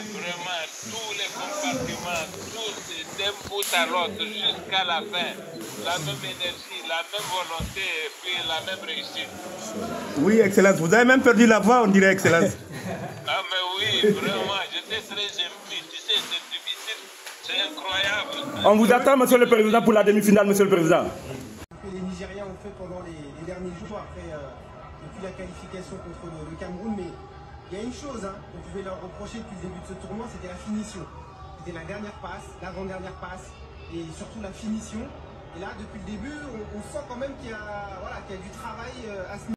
vraiment tous les compartiments, tous d'un bout à l'autre jusqu'à la fin. La même énergie, la même volonté et puis la même réussite. Oui, Excellence, vous avez même perdu la voix, on dirait, Excellence. ah, mais oui, vraiment, j'étais très ému. Tu sais, c'est difficile, c'est incroyable. On vous attend, monsieur le président, pour la demi-finale, monsieur le président. Les Nigériens ont fait pendant les, derniers jours, après, euh, depuis la qualification contre le Cameroun, mais. Il y a une chose hein, qu'on pouvait leur reprocher depuis le début de ce tournoi, c'était la finition. C'était la dernière passe, l'avant-dernière passe, et surtout la finition. Et là, depuis le début, on, sent quand même qu'il y, a, voilà, y a du travail euh, à ce niveau.